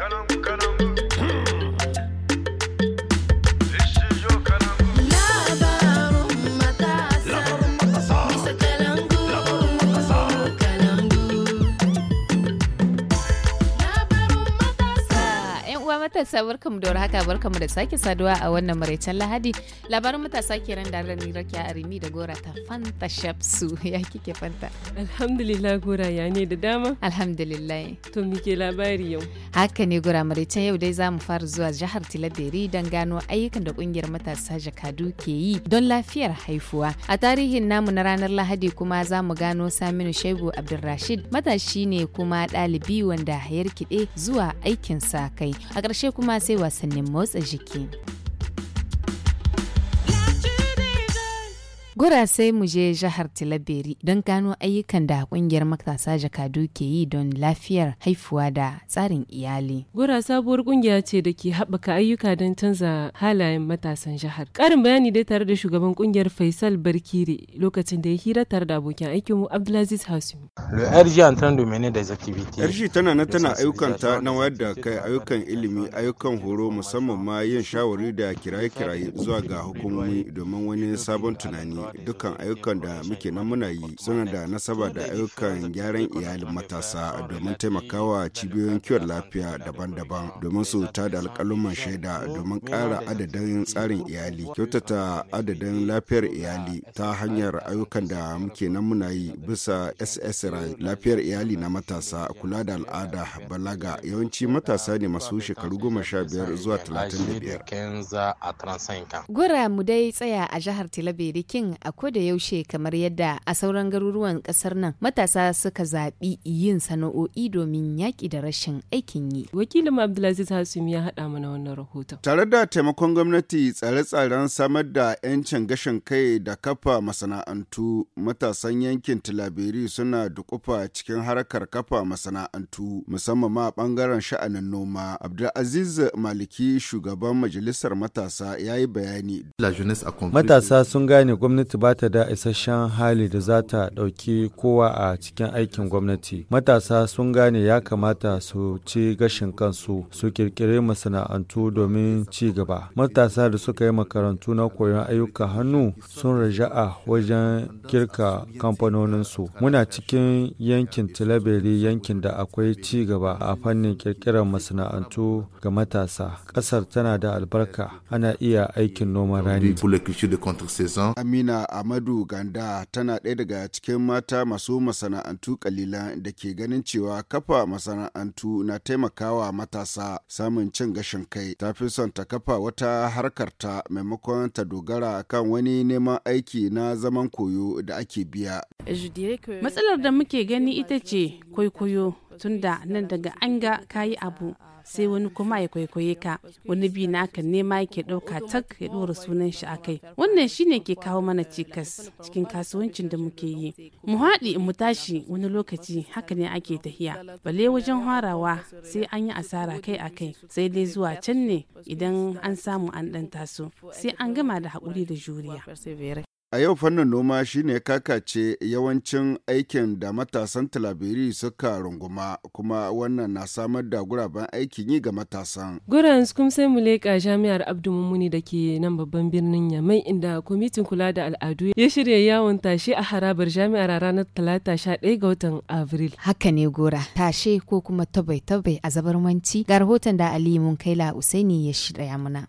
Shalom. matasa barkamu da haka barkamu da sake saduwa a wannan maraicen Lahadi. Labarin matasa ke ran da rake a Arimi da Gora ta Fanta Shapsu. Ya kike Fanta? Alhamdulillah Gora ya ne da dama. Alhamdulillah. To muke labari yau. Haka ne Gora maraicen yau dai zamu fara zuwa jihar tiladeri don gano ayyukan da kungiyar matasa jakadu ke yi don lafiyar haifuwa. A tarihin namu na ranar Lahadi kuma za mu gano Saminu shaibu Abdulrashid matashi ne kuma ɗalibi wanda ya rikide zuwa aikin sa kai. A ƙarshe kuma sai wasannin motsa jiki. Gura sai mu je jihar Tilaberi don gano ayyukan da kungiyar matasa jakadu ke yi don lafiyar haifuwa da tsarin iyali. Gura sabuwar kungiya ce da ke haɓaka ayyuka don canza halayen matasan jihar. Ƙarin bayani dai tare da shugaban kungiyar Faisal Barkire lokacin da ya hira tare da abokin aikinmu Abdulaziz Hasumi. Arji tana na tana ayyukan ta na wayar da kai ayyukan ilimi ayyukan horo musamman ma yin shawari da kiraye-kiraye zuwa ga hukumomi domin wani sabon tunani dukkan ayyukan da muke nan muna yi suna da nasaba da ayyukan gyaran iyalin matasa domin taimakawa cibiyoyin kiwon lafiya daban-daban domin su ta da alƙaluman shaida domin ƙara adadin tsarin iyali kyautata adadin lafiyar iyali ta hanyar ayyukan da muke nan muna yi bisa SSRI lafiyar iyali na matasa kula da al'ada balaga yawanci matasa ne masu shekaru goma sha biyar zuwa talatin da biyar. Gura mu dai tsaya a jihar Tilaberi King a a da yaushe kamar yadda a sauran garuruwan kasar nan matasa suka zaɓi yin sana'o'i domin yaƙi da rashin aikin yi. Wakilin Abdulaziz Hasim ya haɗa mana wannan rahoton. Tare da taimakon gwamnati tsare-tsaren samar da 'yancin gashin kai da kafa masana'antu matasan yankin tilabiri suna dukufa cikin harkar kafa masana'antu musamman ma bangaren sha'anin noma. Abdulaziz Maliki shugaban majalisar matasa ya yi bayani. Matasa sun gane gwamnati gwamnati ba ta da isasshen hali da za ta ɗauki kowa a cikin aikin gwamnati. Matasa sun gane ya kamata su ci gashin kansu su kirkiri masana'antu domin ci gaba. Matasa da suka yi makarantu na koyon ayyukan hannu sun raja'a wajen kirka kamfanoninsu. Muna cikin yankin Tilaberi yankin da akwai ci gaba a fannin kirkirar masana'antu ga matasa. Ƙasar tana da albarka ana iya aikin noman rani. Amina Amadu Ganda tana ɗaya daga cikin mata masu masana'antu kalilan da ke ganin cewa kafa masana'antu na taimakawa matasa samun cin gashin kai. Ta fi son ta kafa wata harkarta maimakon ta dogara kan wani neman aiki na zaman koyo da ake biya. Matsalar da muke gani ita ce kwaikwayo tunda nan daga an ga kayi abu sai wani kuma ya kwaikwaye ka wani bi na kan nema yake ɗauka tak ya ɗora sunan shi akai wannan shine ke kawo mana cikas cikin kasuwancin da muke yi mu haɗi mu tashi wani lokaci haka ne ake tahiya bale wajen harawa sai an yi asara kai akai sai dai zuwa can ne idan an samu an ɗan taso sai an gama da hakuri da juriya A yau fannin noma shine kakace yawancin aikin da matasan talabiri suka runguma kuma wannan na samar da guraben aikin yi ga matasan. Guran kuma sai mu leƙa jami'ar Abdu Mumuni da ke nan babban birnin Yamai inda kwamitin kula da al'adu ya shirya yawon tashe a harabar jami'ar a ranar talata sha ɗaya ga watan Abril. Haka ne gora tashe ko kuma tabai-tabai a zabarmanci ga rahoton da Ali Munkaila Usaini ya shirya mana.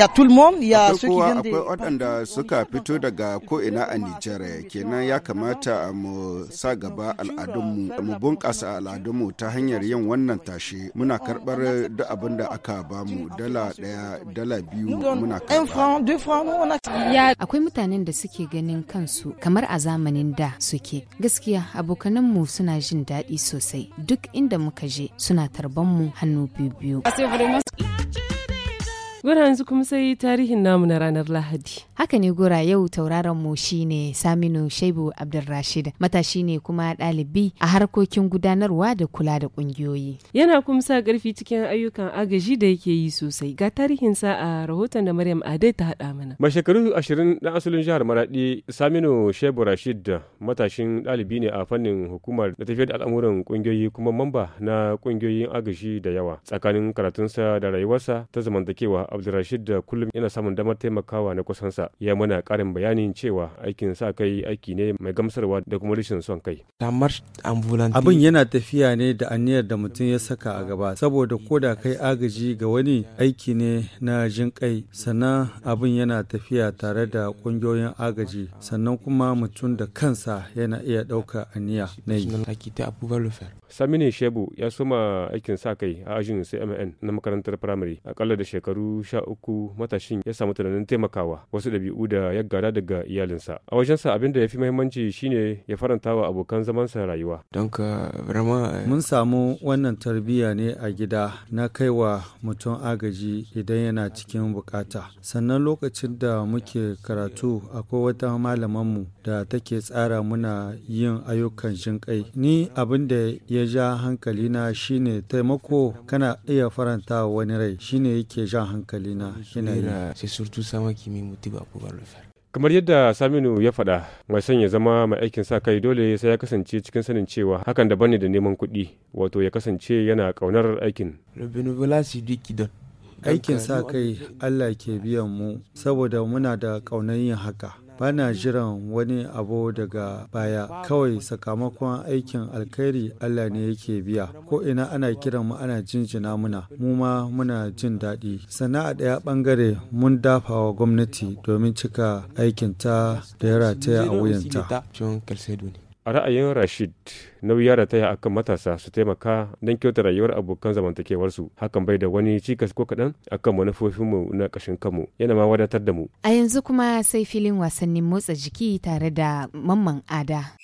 ya a tout le monde, ceux qui akwai waɗanda suka fito daga ko'ina a Nijar kenan ya kamata mu sa gaba al'adunmu mu bunƙasa al'adunmu ta hanyar yin wannan tashe muna karɓar duk abin da aka bamu dala ɗaya dala biyu muna karɓa. Akwai mutanen da suke ganin kansu kamar a zamanin da suke gaskiya abokananmu suna jin daɗi sosai duk inda muka je suna tarban mu hannu biyu biyu. Ah, Gora yanzu kuma sai tarihin namu na ranar Lahadi. Haka ne gora yau tauraron mu shine Saminu Shaibu Abdulrashid matashi ne kuma ɗalibi a harkokin gudanarwa da kula da ƙungiyoyi. Yana kuma sa ƙarfi cikin ayyukan agaji da yake yi sosai. Ga tarihin sa a rahoton da Maryam Adai ta haɗa mana. Mai shekaru ashirin na asalin jihar Maraɗi Saminu Shaibu Rashid matashin ɗalibi ne a fannin hukumar da tafiyar da al'amuran ƙungiyoyi kuma mamba na ƙungiyoyin agaji da yawa tsakanin karatunsa da rayuwarsa ta zamantakewa abdulrashid da kullum yana samun damar taimakawa na kusansa ya mana karin bayanin cewa aikin sa kai aiki ne mai gamsarwa da kuma rashin son kai abin yana tafiya ne da aniyar da mutum ya saka a gaba saboda ko da kai agaji ga wani aiki ne na jin kai sannan abin yana tafiya tare da kungiyoyin agaji sannan kuma mutum da kansa yana iya ɗauka aniya na yi ne shebu ya soma aikin sa kai a ajin cmn na makarantar firamare akalla da shekaru sha uku matashin ya samu tunanin taimakawa wasu ɗabi'u da ya gada daga iyalinsa a wajensa abin da ya fi mahimmanci shine ya faranta wa abokan sa rayuwa don ka rama eh. mun samu wannan tarbiyya ne a gida na kaiwa mutum agaji idan yana cikin bukata sannan lokacin da muke karatu akwai wata malaman mu da take tsara muna yin ayyukan kai ni abin da ya ja hankalina shine taimako kana iya faranta wani rai shine yake jan hankali hankalina yana yi. kamar yadda saminu ya faɗa mai son ya zama mai aikin sa kai dole sai ya kasance cikin sanin cewa hakan daban ne da neman kuɗi wato ya kasance yana ƙaunar aikin aikin sa kai allah ke biyan mu saboda muna da ƙaunar yin haka bana jiran wani abu daga baya kawai sakamakon aikin alkhairi allah ne yake biya ko ina ana kiran mu ana jinjina muna mu ma muna jin daɗi sana'a ɗaya ɓangare mun dafa wa gwamnati domin cika aikinta da ya rataya a wuyanta a ra'ayin rashid nauyi rataya a kan matasa su taimaka don kyauta rayuwar abokan zamantakewarsu hakan bai da wani cikas ko kaɗan akan manufofinmu na ƙashin kanmu yana ma wadatar da mu a yanzu kuma sai filin wasannin motsa jiki tare da mamman ada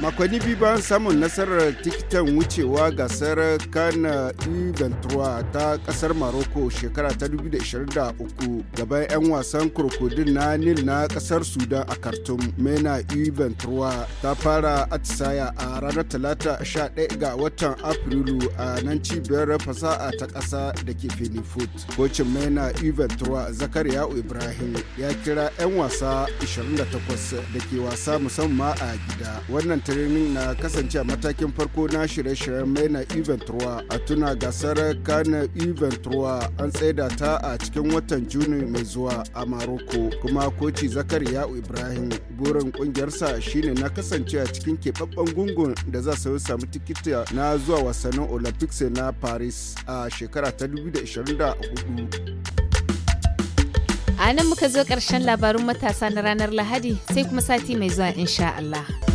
makonni biyu bayan samun nasarar tikitan wucewa gasar kana inventura ta kasar maroko shekara ta 2023 gaban 'yan wasan kurkudin na nil na kasar sudan a khartoum mena inventura ta fara atisaya a ranar talata 11 ga watan afrilu a nan cibiyar fasaha ta kasa da ke fenifut kocin mena inventura zakariya ibrahim ya kira 'yan wasa 28 da ke wasa musamman a gida wannan wannan training na kasance a matakin farko na shirye-shiryen maina event ruwa a tuna gasar kana event ruwa an tsaida ta a cikin watan juni mai zuwa a maroko kuma koci zakariya ibrahim burin kungiyarsa shine na kasance a cikin keɓaɓɓen gungun da za su samu tikita na zuwa wasannin olympics na paris a shekara ta 2024 A nan muka zo karshen labarun matasa na ranar Lahadi sai kuma sati mai zuwa insha Allah.